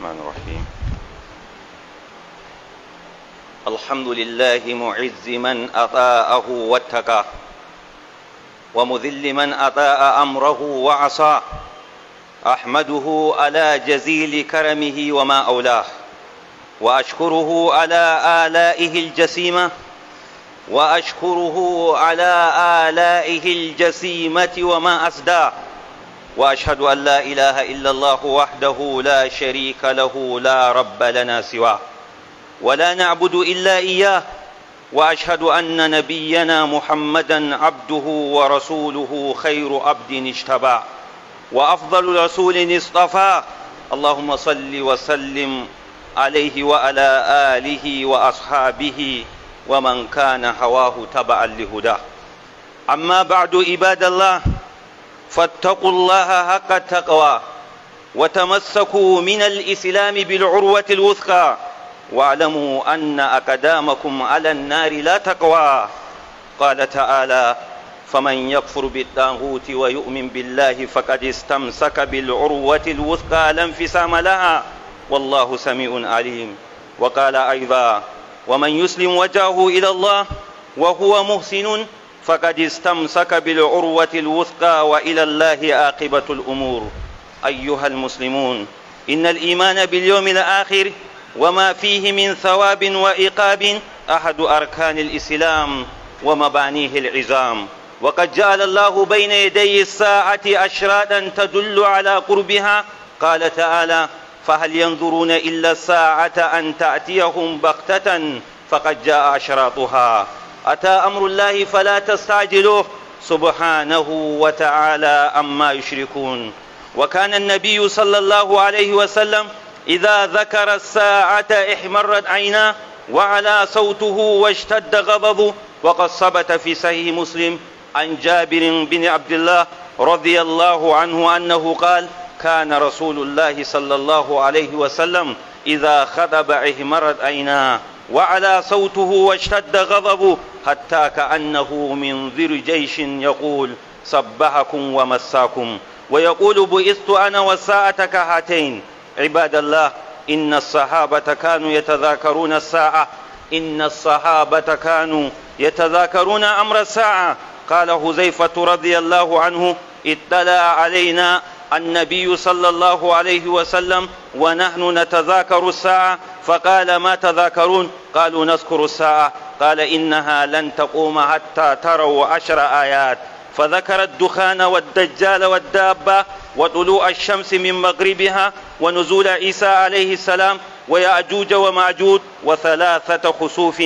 الرحمن الرحيم الحمد لله معز من أطاءه واتقى ومذل من أطاء أمره وعصى أحمده على جزيل كرمه وما أولاه وأشكره على آلائه الجسيمة وأشكره على آلائه الجسيمة وما أسداه واشهد ان لا اله الا الله وحده لا شريك له لا رب لنا سواه ولا نعبد الا اياه واشهد ان نبينا محمدا عبده ورسوله خير عبد اجتبى وافضل رسول اصطفاه اللهم صل وسلم عليه وعلى اله واصحابه ومن كان هواه تبعا لهداه اما بعد عباد الله فاتقوا الله حق التقوى وتمسكوا من الإسلام بالعروة الوثقى واعلموا أن أقدامكم على النار لا تقوى قال تعالى فمن يكفر بالطاغوت ويؤمن بالله فقد استمسك بالعروة الوثقى لا انفصام لها والله سميع عليم وقال أيضا ومن يسلم وجهه إلى الله وهو محسن فقد استمسك بالعروة الوثقى وإلى الله عاقبة الأمور أيها المسلمون إن الإيمان باليوم الآخر وما فيه من ثواب وإقاب أحد أركان الإسلام ومبانيه العظام وقد جعل الله بين يدي الساعة أشرادا تدل على قربها قال تعالى فهل ينظرون إلا الساعة أن تأتيهم بغتة فقد جاء أشراطها أتى أمر الله فلا تستعجلوه سبحانه وتعالى أما يشركون وكان النبي صلى الله عليه وسلم إذا ذكر الساعة احمرت عيناه وعلى صوته واشتد غضبه وقد ثبت في صحيح مسلم عن جابر بن عبد الله رضي الله عنه أنه قال كان رسول الله صلى الله عليه وسلم إذا خضب احمرت عيناه وعلى صوته واشتد غضبه حتى كأنه منذر جيش يقول صبحكم ومساكم ويقول بئست أنا وساءتك هاتين عباد الله إن الصحابة كانوا يتذاكرون الساعة إن الصحابة كانوا يتذاكرون أمر الساعة قال حذيفة رضي الله عنه اطلع علينا النبي صلى الله عليه وسلم ونحن نتذاكر الساعة فقال ما تذاكرون قالوا نذكر الساعة قال إنها لن تقوم حتى تروا عشر آيات فذكر الدخان والدجال والدابة وطلوع الشمس من مغربها ونزول عيسى عليه السلام ويأجوج وماجوج وثلاثة خسوف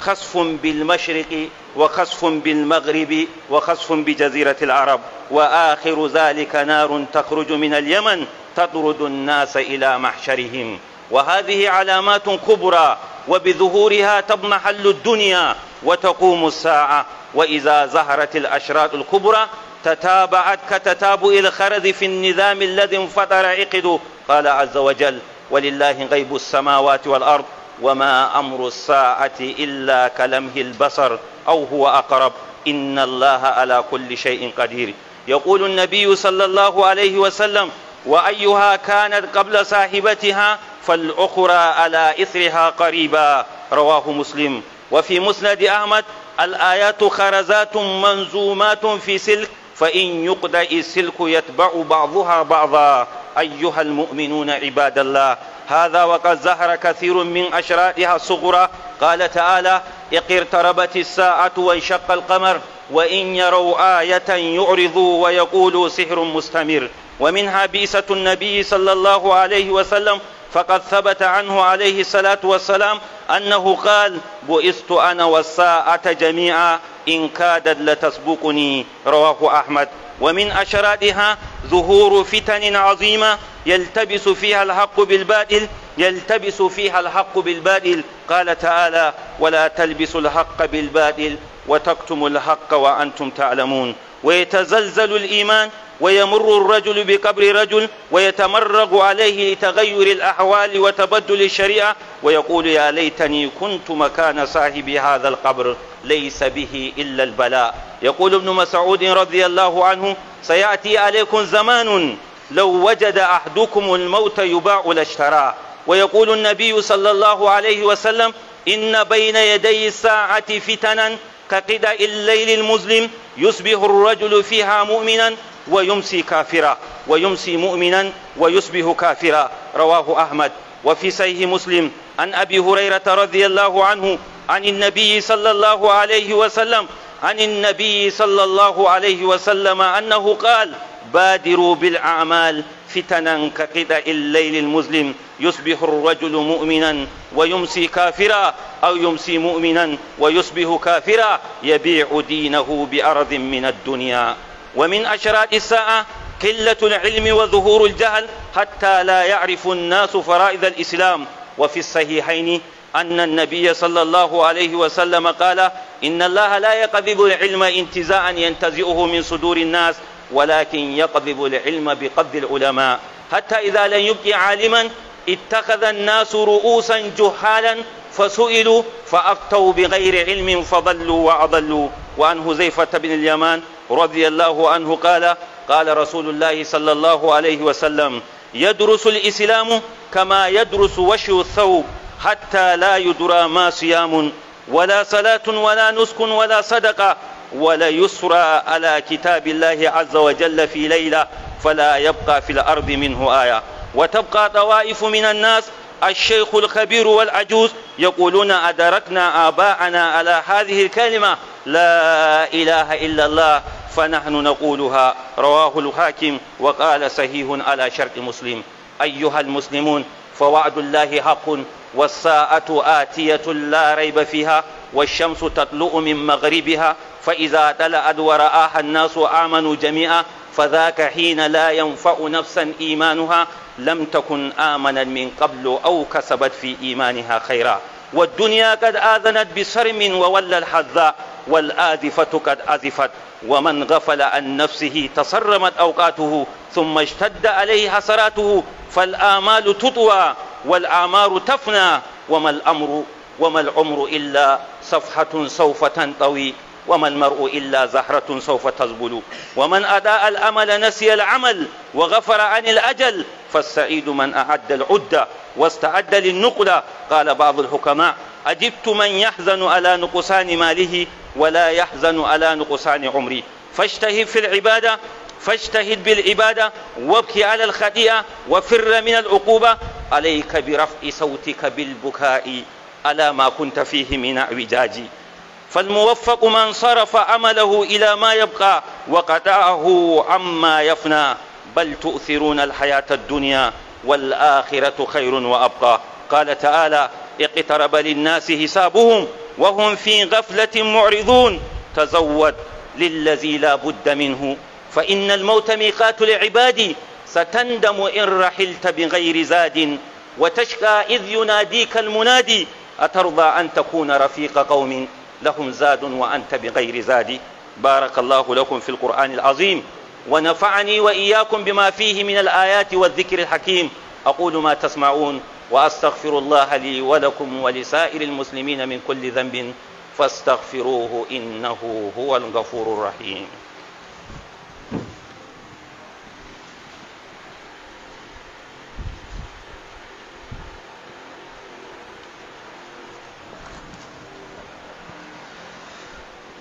خصف بالمشرق وخصف بالمغرب وخصف بجزيرة العرب وآخر ذلك نار تخرج من اليمن تطرد الناس إلى محشرهم وهذه علامات كبرى وبظهورها تضمحل الدنيا وتقوم الساعة وإذا ظهرت الأشرار الكبرى تتابعت كتتابع الخرز في النظام الذي انفطر عقده قال عز وجل ولله غيب السماوات والأرض وما أمر الساعة إلا كلمه البصر أو هو أقرب إن الله على كل شيء قدير يقول النبي صلى الله عليه وسلم وأيها كانت قبل صاحبتها فالأخرى على إثرها قريبا رواه مسلم وفي مسند أحمد الآيات خرزات منزومات في سلك فإن يقدأ السلك يتبع بعضها بعضا أيها المؤمنون عباد الله هذا وقد ظهر كثير من أشرارها الصغرى قال تعالى اقتربت الساعة وانشق القمر وإن يروا آية يعرضوا ويقولوا سحر مستمر ومنها بئسة النبي صلى الله عليه وسلم فقد ثبت عنه عليه الصلاة والسلام أنه قال بئست أنا والساعة جميعا إن كادت لتسبقني رواه أحمد ومن أشرارها ظهور فتن عظيمة يلتبس فيها الحق بالباطل يلتبس فيها الحق بالباطل قال تعالى ولا تلبسوا الحق بالباطل وتكتموا الحق وأنتم تعلمون ويتزلزل الإيمان ويمر الرجل بقبر رجل ويتمرغ عليه لتغير الأحوال وتبدل الشريعة ويقول يا ليتني كنت مكان صاحب هذا القبر ليس به إلا البلاء يقول ابن مسعود رضي الله عنه سيأتي عليكم زمان لو وجد أحدكم الموت يباع لاشترى ويقول النبي صلى الله عليه وسلم إن بين يدي الساعة فتنا كقداء الليل المظلم يصبح الرجل فيها مؤمنا ويمسي كافرا ويمسي مؤمنا ويصبح كافرا رواه أحمد وفي صحيح مسلم عن أبي هريرة رضي الله عنه عن النبي صلى الله عليه وسلم عن النبي صلى الله عليه وسلم أنه قال بادروا بالأعمال فتنا كقطع الليل المظلم يصبح الرجل مؤمنا ويمسي كافرا أو يمسي مؤمنا ويصبح كافرا يبيع دينه بأرض من الدنيا ومن أشراط الساعة قلة العلم وظهور الجهل حتى لا يعرف الناس فرائض الإسلام وفي الصحيحين أن النبي صلى الله عليه وسلم قال إن الله لا يقذب العلم انتزاعا ينتزئه من صدور الناس ولكن يقذف العلم بقذف العلماء حتى إذا لم يبقي عالما اتخذ الناس رؤوسا جهالا فسئلوا فأفتوا بغير علم فضلوا وأضلوا وعن هزيفة بن اليمان رضي الله عنه قال قال رسول الله صلى الله عليه وسلم يدرس الإسلام كما يدرس وشي الثوب حتى لا يدرى ما صيام ولا صلاة ولا نسك ولا صدقة وليسرى على كتاب الله عز وجل في ليلة فلا يبقى في الأرض منه آية وتبقى طوائف من الناس الشيخ الخبير والعجوز يقولون أدركنا آباءنا على هذه الكلمة لا إله إلا الله فنحن نقولها رواه الحاكم وقال صحيح على شرط مسلم أيها المسلمون فوعد الله حق والساعة آتية لا ريب فيها والشمس تطلع من مغربها فإذا طلعت ورآها الناس آمنوا جميعا فذاك حين لا ينفع نفسا إيمانها لم تكن آمنا من قبل أو كسبت في إيمانها خيرا والدنيا قد آذنت بصرم وولى الحذاء والآذفة قد أذفت ومن غفل عن نفسه تصرمت أوقاته ثم اشتد عليه حسراته فالآمال تطوى والآمار تفنى وما الأمر وما العمر إلا صفحة سوف تنطوي وما المرء إلا زهرة سوف تزبل ومن أداء الأمل نسي العمل وغفر عن الأجل فالسعيد من أعد العدة واستعد للنقلة قال بعض الحكماء أجبت من يحزن على نقصان ماله ولا يحزن على نقصان عمري فاجتهد في العبادة فاجتهد بالعبادة وابكي على الخطيئة وفر من العقوبة عليك برفع صوتك بالبكاء على ما كنت فيه من اعوجاج فالموفق من صرف عمله الى ما يبقى وقطعه عما يفنى بل تؤثرون الحياه الدنيا والاخره خير وابقى قال تعالى اقترب للناس حسابهم وهم في غفله معرضون تزود للذي لا بد منه فان الموت ميقات العباد ستندم ان رحلت بغير زاد وتشكى اذ يناديك المنادي أترضى أن تكون رفيق قوم لهم زاد وأنت بغير زاد بارك الله لكم في القرآن العظيم ونفعني وإياكم بما فيه من الآيات والذكر الحكيم أقول ما تسمعون وأستغفر الله لي ولكم ولسائر المسلمين من كل ذنب فاستغفروه إنه هو الغفور الرحيم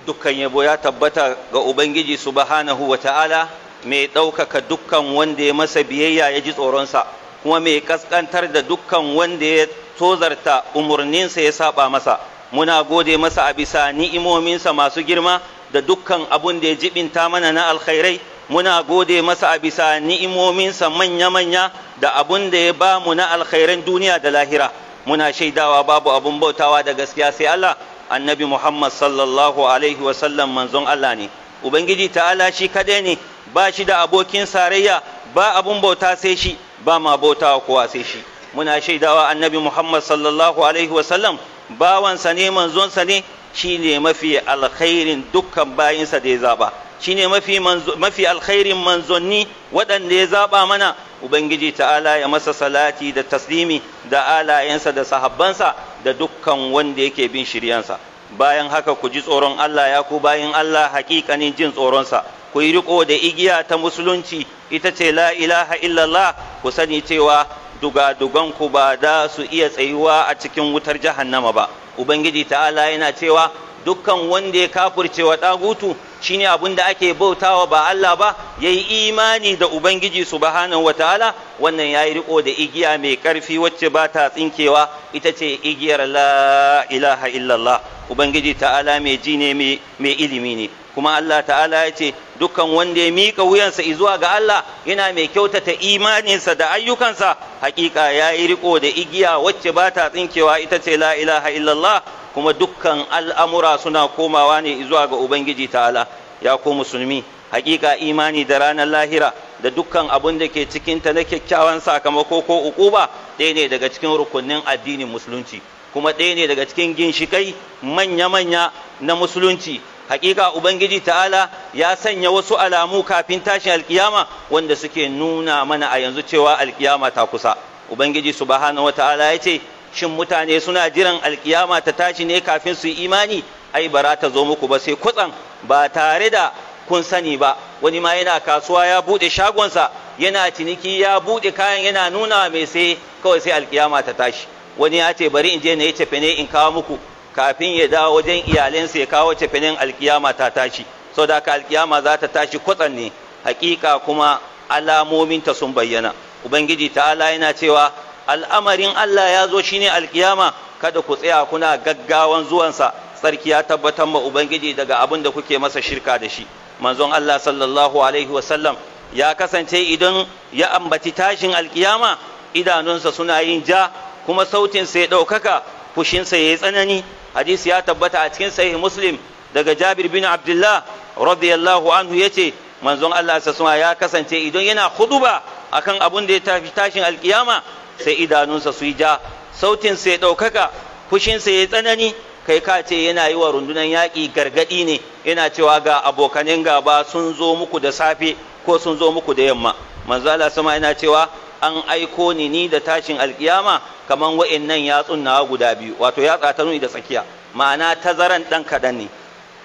dukkan yabo ya tabbata ga ubangiji subhanahu ta'ala mai ɗaukaka dukkan wanda ya masa biyayya ya ji tsoronsa kuma mai ƙasƙantar da dukkan wanda ya tozarta umarninsa ya saba masa muna gode masa a bisa ni'imominsa masu girma da dukkan abun da ya jibinta mana na alkhairai muna gode masa a bisa ni'imominsa manya-manya da abun da ya ba mu na alkhairan duniya da lahira muna shaidawa babu abin bautawa da gaskiya sai Allah annabi muhammad sallallahu alaihi wasallam manzon allah ne ubangiji ta'ala shi kaɗai ne ba shi da abokin sarayya ba abun bauta sai shi ba ma bauta kowa sai shi muna shaidawa annabi muhammad sallallahu alaihi wasallam bawansa ne manzonsa ne shi ne mafi alkhairin dukkan bayinsa da ya zaba shi ne mafi alkhairin manzonni waɗanda ya zaba mana ubangiji ta'ala ya masa salati da taslimi da alayensa da sahabbansa da dukkan wanda yake bin shiryansa bayan haka ku ji tsoron Allah ya ku bayan Allah hakikanin jin tsoronsa ku yi riko da igiya ta musulunci ita ce la ilaha illallah ku sani cewa dugadugan ku ba za su iya tsayuwa a cikin wutar jahannama ba ubangiji ta'ala yana cewa dukkan wanda ya kafurce wa ɗagutu shine abin da ake bautawa ba Allah ba ya yi imani da Ubangiji subhanahu wa ta'ala wannan ya yi riko da igiya mai ƙarfi wacce ba ta tsinkewa ita ce igiyar la ilaha illallah Ubangiji ta'ala mai ji ne mai ilimi ne kuma Allah ta'ala ya ce dukkan wanda ya miƙa wuyansa zuwa ga Allah yana mai kyautata imaninsa da ayyukansa haƙiƙa ya yi riko da igiya wacce ba ta tsinkewa ita ce la ilaha illallah kuma dukkan al'amura suna komawa ne zuwa ga ubangiji ta'ala ya ko musulmi hakika imani da ranar lahira da dukkan abin da ke cikinta na kyakkyawan sakamako ko ukuba ɗaya ne daga cikin rukunin addinin musulunci kuma ɗaya ne daga cikin ginshikai manya-manya na musulunci hakika ubangiji ta'ala ya sanya wasu alamu kafin tashin alkiyama wanda suke nuna mana a yanzu cewa alkiyama ta kusa ubangiji subhanahu wata'ala ya ce shin mutane suna jiran alkiyama ta tashi ne kafin su yi imani ai bara ta zo muku ba sai kutsan ba tare da kun sani ba wani ma yana kasuwa ya buɗe shagonsa yana ciniki ya buɗe kayan yana nuna mai sai kawai sai alkiyama ta tashi wani ya ce bari in je na yi ne in kawo muku kafin ya dawo wajen iyalinsa ya kawo cefenen alkiyama ta tashi sau da ka alkiyama za ta tashi kutsan ne hakika kuma alamominta sun bayyana ubangiji ta'ala yana cewa al'amarin Allah ya zo shine alkiyama kada ku tsaya kuna gaggawan zuwansa tsarki ya tabbatar ma ubangiji daga abin da kuke masa shirka da shi manzon Allah sallallahu alaihi wasallam ya kasance idan ya ambaci tashin alkiyama idanunsa suna yin ja kuma sautinsa ya ɗaukaka fushinsa ya yi tsanani hadisi ya tabbata a cikin sahih muslim daga jabir bin abdullah radiyallahu anhu ya ce manzon Allah sassuma ya kasance idan yana huduba akan abin da ya tafi tashin alkiyama sai idanunsa su yi ja sautin ya ɗaukaka fushinsa ya tsanani kai ka ce yana yi wa rundunar yaƙi gargaɗi ne yana cewa ga abokanin gaba sun zo muku da safe ko sun zo muku da yamma manzo Allah sama yana cewa an aiko ni ni da tashin alkiyama kaman wa'annan yatsun nawa guda biyu wato ya tsata nuni da tsakiya ma'ana tazaran dan kaɗan ne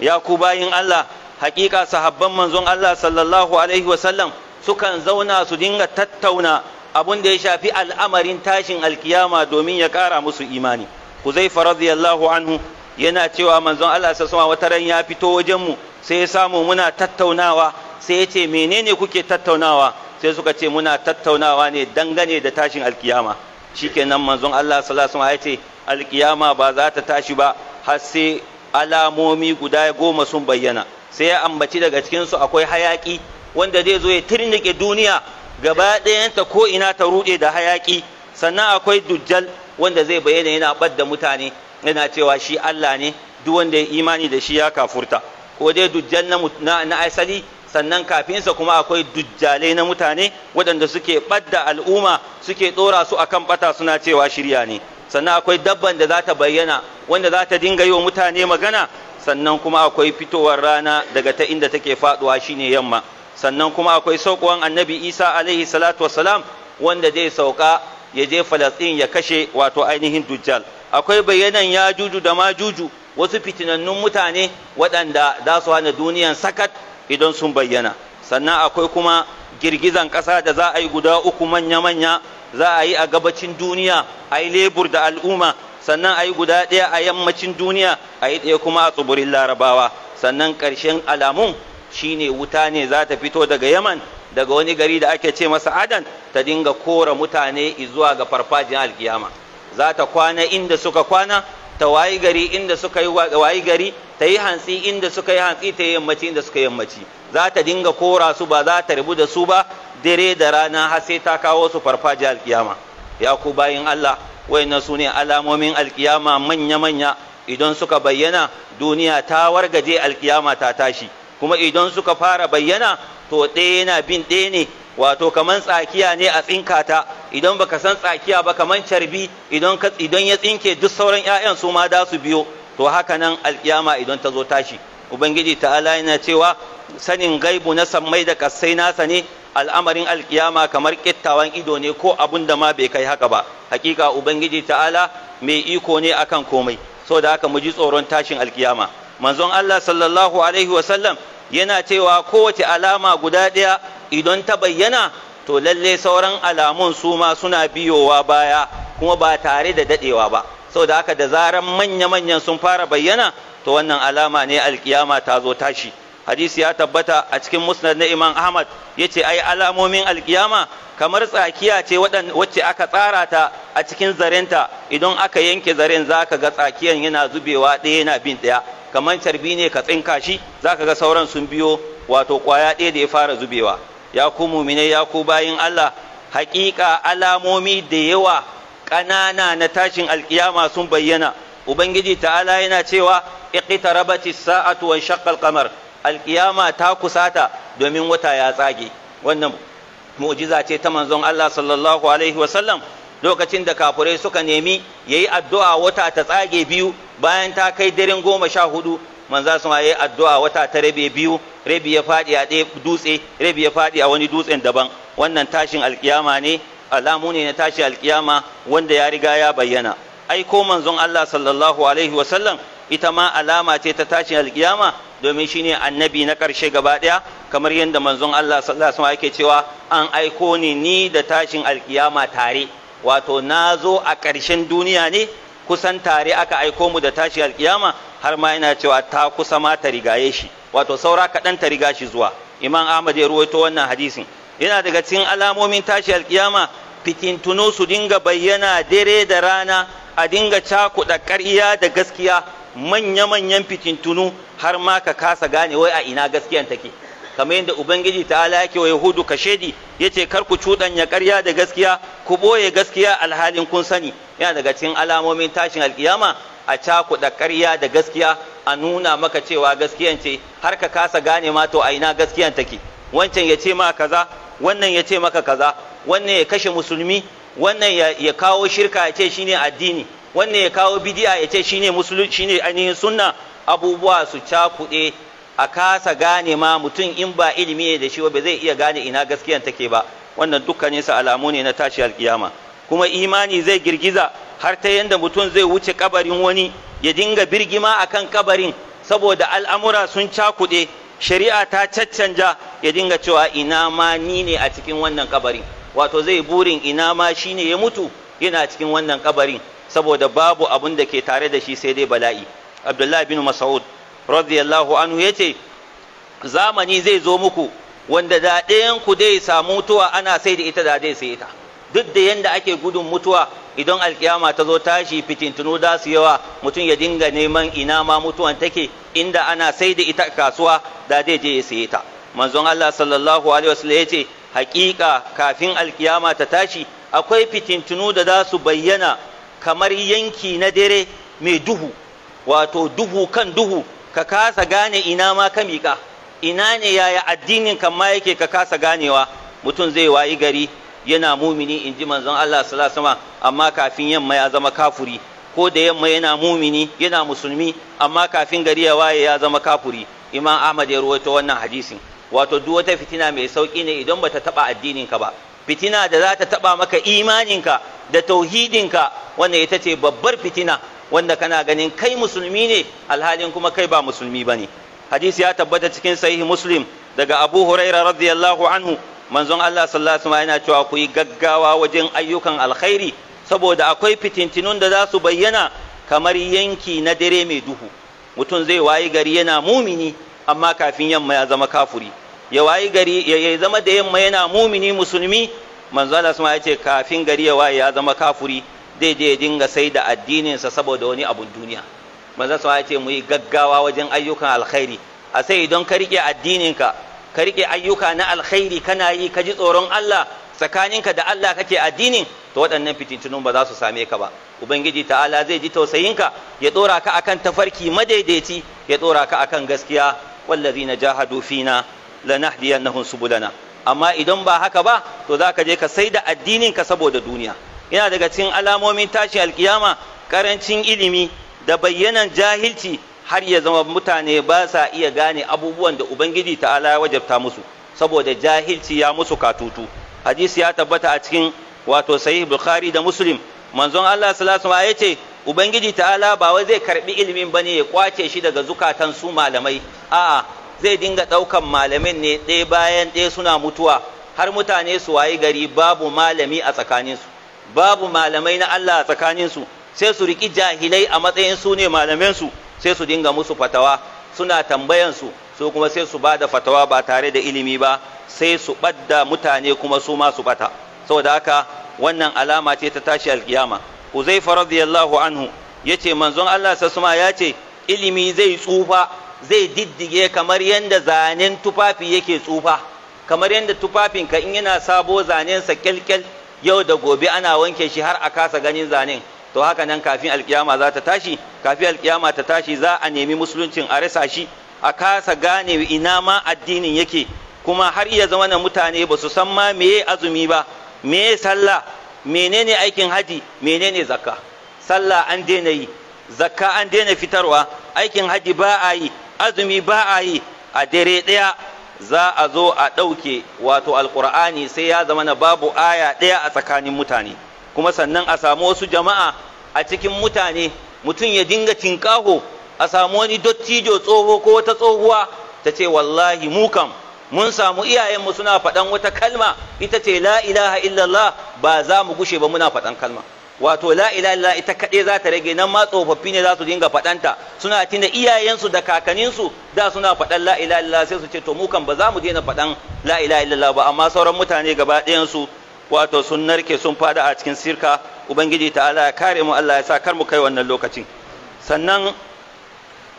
ya ku bayin Allah Haƙiƙa sahabban manzon Allah sallallahu alaihi wasallam sukan zauna su dinga tattauna abun da ya shafi al'amarin tashin alkiyama domin ya ƙara musu imani huzaifa radiyallahu anhu yana cewa manzon Allah sassama wata ran ya fito wajenmu sai ya samu muna tattaunawa sai ya ce menene kuke tattaunawa sai suka ce muna tattaunawa ne dangane da tashin alkiyama shikenan manzon Allah sallallahu alaihi ya ce alkiyama ba za ta tashi ba har sai alamomi guda goma sun bayyana sai ya ambaci daga cikin su akwai hayaki wanda zai zo ya tirnike duniya gaba ɗayanta ko ina ta ruɗe da hayaƙi sannan akwai dujjal wanda zai bayyana yana ɓadda mutane yana cewa shi Allah ne duk wanda ya imani da shi ya kafurta ko dai dujjal na, asali sannan kafinsa kuma akwai dujjalai na mutane waɗanda suke ɓadda al'umma suke ɗora su akan ɓata suna cewa shirya ne sannan akwai dabban da za ta bayyana wanda za ta dinga yi wa mutane magana sannan kuma akwai fitowar rana daga ta inda take faɗuwa shine yamma sannan kuma akwai saukowan annabi isa alaihi salatu wassalam wanda zai sauka ya je falastin ya kashe wato ainihin dujjal akwai bayanan ya juju da ma juju wasu fitinannun mutane waɗanda za su hana duniyan sakat idan sun bayyana sannan akwai kuma girgizan ƙasa da za a yi guda uku manya-manya za a yi a gabacin duniya a yi lebur da al'umma sannan a yi guda ɗaya a yammacin duniya a yi ɗaya kuma a tsibirin larabawa sannan ƙarshen alamun shine wuta ne za ta fito daga yaman daga wani gari da ake ce masa adan ta dinga kora mutane zuwa ga farfajin alkiyama za ta kwana inda suka kwana ta wayi gari inda suka yi wayi gari ta yi hantsi inda suka yi hantsi ta yi yammaci inda suka yi yammaci za ta dinga kora su ba za ta rabu da su ba dare da rana har sai ta kawo su farfajin alkiyama ya ku bayin Allah wayannan su ne alamomin alkiyama manya manya idan suka bayyana duniya ta wargaje alkiyama ta tashi kuma idan suka fara bayyana to ɗaya yana bin ɗaya ne wato kamar tsakiya ne a tsinkata, idan baka san tsakiya ba kamar carbi idan ka idan ya tsinke duk sauran ƴaƴan su ma da su biyo to haka nan alƙiyama idan ta zo tashi ubangiji ta'ala yana cewa sanin gaibu na sammai da kasai nasa ne al'amarin alƙiyama kamar kittawan ido ne ko abun da ma bai kai haka ba hakika ubangiji ta'ala mai iko ne akan komai saboda haka mu ji tsoron tashin alƙiyama. manzon Allah sallallahu alaihi wa sallam. yana cewa kowace alama guda ɗaya idan ta bayyana to lalle sauran alamun su ma suna biyowa baya kuma ba tare da daɗewa ba Sau da haka da zaran manya-manyan sun fara bayyana to wannan alama ne alkiyama ta zo tashi hadisi ya tabbata a cikin musnad na imam ahmad ya ce ai alamomin alkiyama kamar tsakiya ce wacce aka tsara ta a cikin zarenta idan aka yanke zaren za ka ga tsakiyan yana zubewa ɗaya yana bin ɗaya kamar carbi ne ka tsinka shi za ka ga sauran sun biyo wato ƙwaya ɗaya da ya fara zubewa ya ku muminai ya ku bayin allah haƙiƙa alamomi da yawa ƙanana na tashin alkiyama sun bayyana ubangiji ta'ala yana cewa iqtarabatis sa'atu wa shaqqal qamar alkiyama ta kusata domin wata ya tsage wannan mu'jiza ce ta manzon Allah sallallahu alaihi wasallam lokacin da kafurai suka nemi yayi addu'a wata ta tsage biyu bayan ta kai daren goma sha hudu manza su ma yayi addu'a wata ta rabe biyu rabi ya fadi a ɗaya dutse rabi ya fadi a wani dutsen daban wannan tashin alkiyama ne alamu ne na tashi alkiyama wanda ya riga ya bayyana ai ko manzon Allah sallallahu alaihi wasallam ita ma alama ce ta tashin alkiyama domin shine annabi na ƙarshe gaba ɗaya kamar yadda manzon Allah sallallahu alaihi wasallam yake cewa an aiko ni ni da tashin alkiyama tare wato na zo a ƙarshen duniya ne kusan tare aka aiko mu da tashin alkiyama har ma yana cewa ta kusa ma ta rigaye shi wato saura kaɗan ta riga shi zuwa imam ahmad ya ruwaito wannan hadisin yana daga cikin alamomin tashin alkiyama fitintuno su dinga bayyana dare da rana a dinga cakuɗa ƙarya da gaskiya manya-manyan fitintunu har ma ka kasa gane wai a ina gaskiyan take kamar yadda ubangiji ta'ala yake wa yahudu kashedi yace kar ku ya ƙarya da gaskiya ku ɓoye gaskiya alhalin kun sani yana daga cikin alamomin tashin alkiyama a da ƙarya da gaskiya a nuna maka cewa gaskiyan ce har ka kasa gane ma to a ina gaskiyan take wancan ya ce ma kaza wannan ya ce maka kaza wannan ya kashe musulmi wannan ya kawo shirka ya ce shine addini wannan ya kawo bidiya ya ce shine musulunci shine ainihin sunna abubuwa su cakuɗe a kasa gane ma mutum in ba ilimi ne da shi ba zai iya gane ina gaskiyan take ba wannan dukkanin sa alamu ne na tashi alkiyama kuma imani zai girgiza har ta yanda mutum zai wuce kabarin wani ya dinga birgima akan kabarin saboda al'amura sun cakuɗe shari'a ta caccanja ya dinga cewa ina ma ni ne a cikin wannan kabarin wato zai burin ina ma shine ya mutu yana cikin wannan kabarin saboda babu abun da ke tare da shi sai dai bala'i abdullahi bin mas'ud radiyallahu anhu yace zamani zai zo muku wanda da ɗayan ku dai samu mutuwa ana sai da ita da dai sai ita duk da yanda ake gudun mutuwa idan alkiyama ta zo tashi fitintunu da su yawa mutum ya dinga neman ina ma mutuwan take inda ana sai da ita kasuwa da dai je ya ta manzon Allah sallallahu alaihi wasallam yace hakika kafin alkiyama ta tashi akwai fitintunu da za su bayyana kamar yanki na dare mai duhu wato duhu kan duhu ka kasa gane ina ma ka miƙa ina ne yaya addinin kan ma yake ka kasa ganewa mutum zai wayi gari yana mumini in ji manzon Allah sallallahu alaihi amma kafin yamma ya zama kafuri ko da yamma yana mumini yana musulmi amma kafin gari ya waye ya zama kafuri imam Ahmad ya ruwaito wannan hadisin wato duk wata fitina mai sauki ne idan bata taba addinin ka ba fitina da za ta taba maka imaninka da tauhidinka wanda ita ce babbar fitina wanda kana ganin kai musulmi ne alhalin kuma kai ba musulmi ba ne. hadisi ya tabbata cikin sahih muslim daga abu huraira radiyallahu anhu manzon Allah sallallahu alaihi yana cewa ku gaggawa wajen ayyukan alkhairi saboda akwai fitintinun da za su bayyana kamar yanki na dare mai duhu mutum zai wayi gari yana mumini amma kafin yamma ya zama kafuri ya wayi gari ya zama da yamma yana mumini musulmi manzo Allah ya ce kafin gari ya wayi ya zama kafuri zai je ya dinga sai da addininsa saboda wani abun duniya manzo sama ya ce mu yi gaggawa wajen ayyukan alkhairi a sai idan ka rike addininka ka rike ayyuka na alkhairi kana yi ka ji tsoron Allah tsakaninka da Allah kake addinin to waɗannan fitintunun ba za su same ka ba ubangiji ta'ala zai ji tausayinka ya dora ka akan tafarki madaidaici ya dora ka akan gaskiya na jahadu fina lanahdiyannahum subulana amma idan ba haka ba to zaka je ka saida addinin ka saboda duniya Ina daga cikin alamomin tashin alkiyama karancin ilimi da bayyanan jahilci har ya zama mutane ba sa iya gane abubuwan da ubangiji ta'ala ya wajabta musu saboda jahilci ya musu katutu hadisi ya tabbata a cikin wato sahih bukhari da muslim manzon Allah sallallahu alaihi wasallam ce ubangiji ta'ala ba wai zai karbi ilimin bane ya kwace shi daga zukatan su malamai a'a zai dinga ɗaukan malamin ne ɗaya bayan ɗaya suna mutuwa har mutane su wayi gari babu malami a tsakaninsu babu malamai na Allah a tsakaninsu sai su riƙi jahilai a matsayin su ne malamansu sai su dinga musu fatawa suna tambayansu su kuma sai su bada fatawa ba tare da ilimi ba sai su ɓadda mutane kuma su ma su ɓata saboda haka wannan alama ce ta tashi alkiyama uzaifa radiyallahu anhu yace manzon Allah sasuma ya ce ilimi zai tsufa zai diddige kamar yadda zanen tufafi yake tsufa kamar yadda tufafin ka in yana sabo zanen sa kyalkyal yau da gobe ana wanke shi har a kasa ganin zanen to haka nan kafin alkiyama za ta tashi kafin alkiyama ta tashi za a nemi musuluncin a rasa shi a kasa gane ina ma addinin yake kuma har iya zama na mutane ba su san ma meye azumi ba meye sallah menene aikin haji menene zakka sallah an daina yi zakka an daina fitarwa aikin haji ba a yi azumi ba a yi a dare ɗaya za a zo a ɗauke wato alƙur'ani sai ya zama na babu aya ɗaya a tsakanin mutane kuma sannan a samu wasu jama'a a cikin mutane mutum ya dinga tinƙaho a samu wani dottijo tsoho ko wata tsohuwa ta ce wallahi mu kam mun samu iyayenmu suna faɗan wata kalma ita ce la ilaha illallah ba za mu gushe ba muna faɗan kalma wato la ilaha ita kaɗai za ta rage nan ma tsofaffi ne za su dinga faɗanta suna tuna iyayensu da kakanninsu da suna faɗan la ilaha sai su ce to mu kan ba za mu daina faɗan la ilaha ba amma sauran mutane gaba ɗayansu wato sun narke sun fada a cikin sirka ubangiji ta'ala ya kare mu Allah ya sa kar mu kai wannan lokacin sannan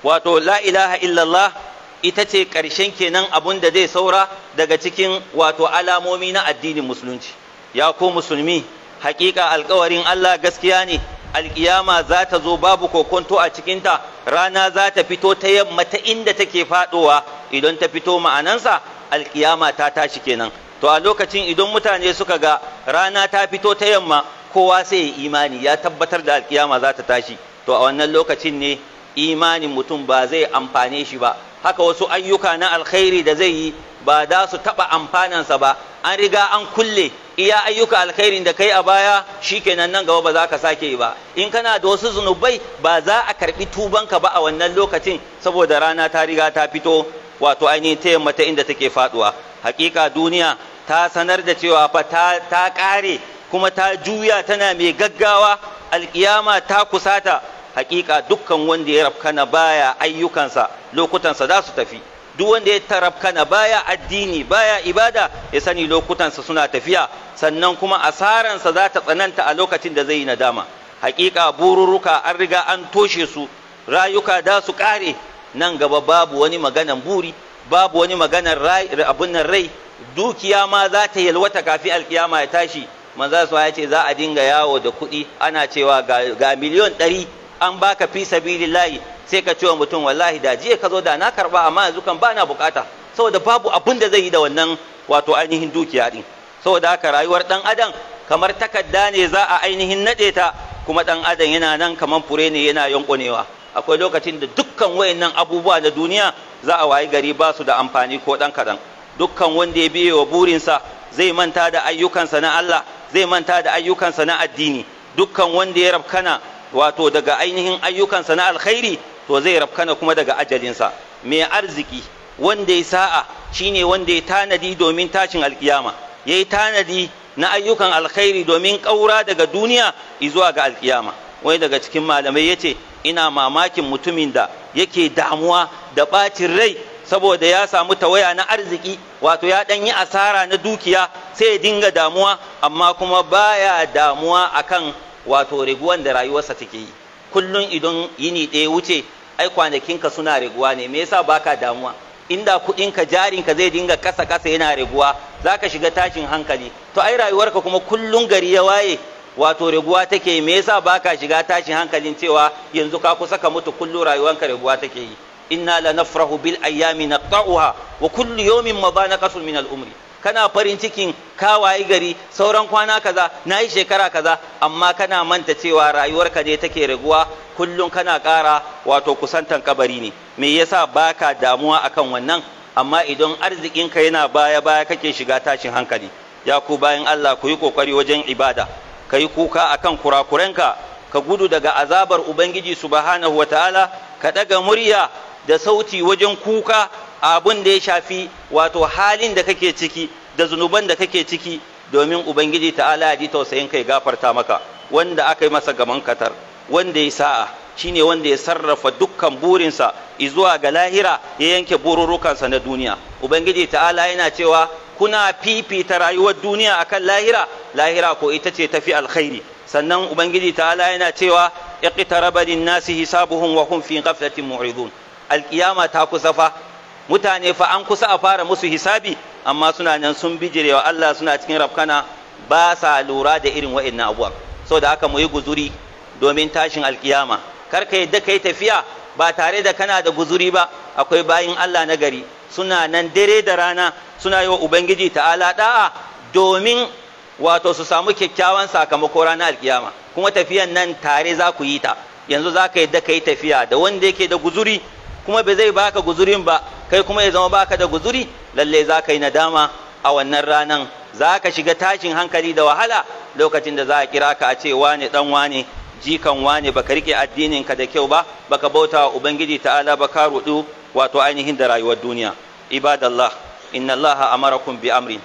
wato la ilaha illallah ita ce ƙarshen kenan abun da zai saura daga cikin wato alamomi na addinin musulunci ya ko musulmi hakika alkawarin Allah gaskiya ne alkiyama za ta zo babu kokonto a cikinta rana za ta fito ta yamma ta inda take faɗowa idan ta fito ma'anansa alkiyama ta tashi kenan to a lokacin idan mutane suka ga rana ta fito ta yamma kowa sai ya imani ya tabbatar da alkiyama za ta tashi to a wannan lokacin ne imanin mutum ba zai amfane shi ba haka wasu ayyuka na alkhairi da zai yi ba za su taɓa amfanansa ba an riga an kulle iya ayyuka alkhairin da kai a baya shi kenan nan gaba ba za ka sake yi ba in kana da wasu zunubai ba za a karbi ka ba a wannan lokacin saboda rana ta riga ta fito wato ainihin ta yamma ta inda take faduwa hakika duniya ta sanar da cewa fa ta ta kare kuma ta juya tana mai gaggawa alkiyama ta kusata hakika dukkan wanda ya rafkana baya ayyukansa lokutansa za su tafi duk wanda ya tarabkana baya addini baya ibada ya sani lokutansa suna tafiya sannan kuma asaransa za ta tsananta a lokacin da zai yi nadama hakika bururuka an riga an toshe su rayuka da su kare nan gaba babu wani maganan buri babu wani maganan abun nan rai dukiya ma za ta yalwata kafin alkiyama ya tashi manzo ya ce za a dinga yawo da kuɗi ana cewa ga miliyon ɗari an baka fi sabilillahi sai ka ce wa mutum wallahi da jiya ka zo da na karba amma yanzu kan bana bukata saboda babu abin da zai yi da wannan wato ainihin dukiya din saboda haka rayuwar dan adam kamar takarda ne za a ainihin nade ta kuma dan adam yana nan kamar fure ne yana yankunewa akwai lokacin da dukkan wayannan abubuwa na duniya za a wayi gari ba su da amfani ko dan kadan dukkan wanda ya biye wa burinsa zai manta da ayyukansa na Allah zai manta da ayyukansa na addini dukkan wanda ya rabkana wato daga ainihin ayyukansa na alkhairi to zai rafkana kuma daga ajalinsa mai arziki wanda ya sa'a shine wanda ya tanadi domin tashin alkiyama ya tanadi na ayyukan alkhairi domin ƙaura daga duniya izuwa ga alkiyama wai daga cikin malamai ya ce ina mamakin mutumin da yake damuwa da ɓacin rai saboda ya samu tawaya na arziki wato ya ɗan yi asara na dukiya sai ya dinga damuwa amma kuma baya damuwa akan wato riguwan da rayuwarsa take yi kullum idan yini ɗaya wuce ai kwanakinka suna riguwa ne me yasa baka damuwa inda kuɗinka jarinka zai dinga kasa kasa yana riguwa zaka shiga tashin hankali to ai rayuwarka kuma kullum gari ya waye wato riguwa take me yasa baka shiga tashin hankalin cewa yanzu ka kusa ka mutu kullum rayuwarka riguwa take yi inna la nafrahu bil ayyami naqta'uha wa kullu yawmin madha naqasun min al umri kana farin cikin kawaye gari sauran kwana kaza na yi shekara kaza amma kana manta cewa rayuwarka ne take raguwa kullum kana ƙara wato kusantan kabari ne me yasa baka damuwa akan wannan amma idan arzikinka yana baya baya kake shiga tashin hankali ya ku bayan Allah ku yi kokari wajen ibada ka yi kuka akan kurakurenka ka gudu daga azabar ubangiji subhanahu wataala ka daga murya da sauti wajen kuka abun da ya shafi wato halin da kake ciki da zunuban da kake ciki domin ubangiji ta'ala ya ji tausayin kai gafarta maka wanda aka yi masa gaman katar wanda ya sa'a shine wanda ya sarrafa dukkan burinsa izuwa ga lahira ya yanke bururukansa na duniya ubangiji ta'ala yana cewa kuna fifita rayuwar duniya akan lahira lahira ko ita ce tafi alkhairi sannan ubangiji ta'ala yana cewa iqtaraba lin-nasi hisabuhum wa hum fi ghaflatin mu'ridun alqiyama ta kusa mutane fa an kusa a fara musu hisabi amma suna nan sun bijirewa Allah suna cikin rafkana ba sa lura da irin wa'annan abubuwan saboda haka mu yi guzuri domin tashin alkiyama kar ka yadda kai tafiya ba tare da kana da guzuri ba akwai bayin Allah na gari suna nan dare da rana suna yi wa ubangiji ta'ala da'a domin wato su samu kyakkyawan sakamako ranar alkiyama kuma tafiyan nan tare za ku yi ta yanzu za ka yadda ka yi tafiya da wanda yake da guzuri kuma ba zai baka guzurin ba kai kuma ya zama baka da guzuri lalle za ka yi nadama a wannan ranan za ka shiga tashin hankali da wahala lokacin da za a kira ka a ce wane dan wane jikan wane baka rike addinin ka da kyau ba baka bauta wa ubangiji ta'ala ba ka rudu wato ainihin da rayuwar duniya ibadallah inna allaha amarakum bi amrin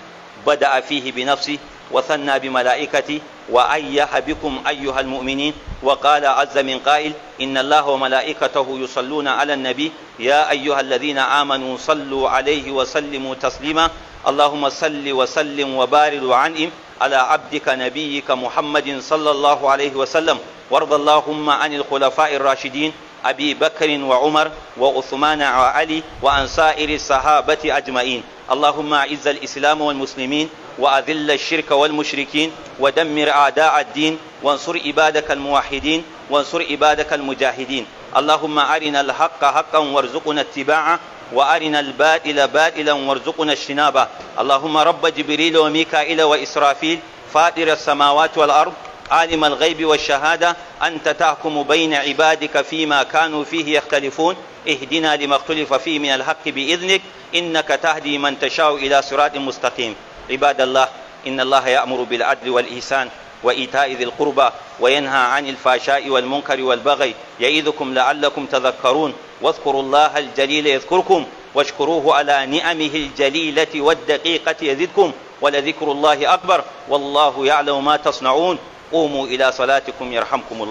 bada fihi bi nafsi وثنى بملائكته وأيها بكم أيها المؤمنين وقال عز من قائل إن الله وملائكته يصلون على النبي يا أيها الذين آمنوا صلوا عليه وسلموا تسليما اللهم صل وسلم وبارك وعنهم على عبدك نبيك محمد صلى الله عليه وسلم وارض اللهم عن الخلفاء الراشدين أبي بكر وعمر وعثمان وعلي وعن سائر الصحابة أجمعين اللهم أعز الإسلام والمسلمين وأذل الشرك والمشركين ودمر أعداء الدين وانصر عبادك الموحدين وانصر عبادك المجاهدين اللهم أرنا الحق حقا وارزقنا اتباعه وأرنا البائل بائلا وارزقنا اجتنابه اللهم رب جبريل وميكائيل وإسرافيل فاطر السماوات والأرض عالم الغيب والشهادة أنت تحكم بين عبادك فيما كانوا فيه يختلفون اهدنا لما اختلف فيه من الحق بإذنك إنك تهدي من تشاء إلى صراط مستقيم عباد الله إن الله يأمر بالعدل والإحسان وإيتاء ذي القربى وينهى عن الفحشاء والمنكر والبغي يعظكم لعلكم تذكرون واذكروا الله الجليل يذكركم واشكروه على نعمه الجليلة والدقيقة يزدكم ولذكر الله أكبر والله يعلم ما تصنعون قوموا إلى صلاتكم يرحمكم الله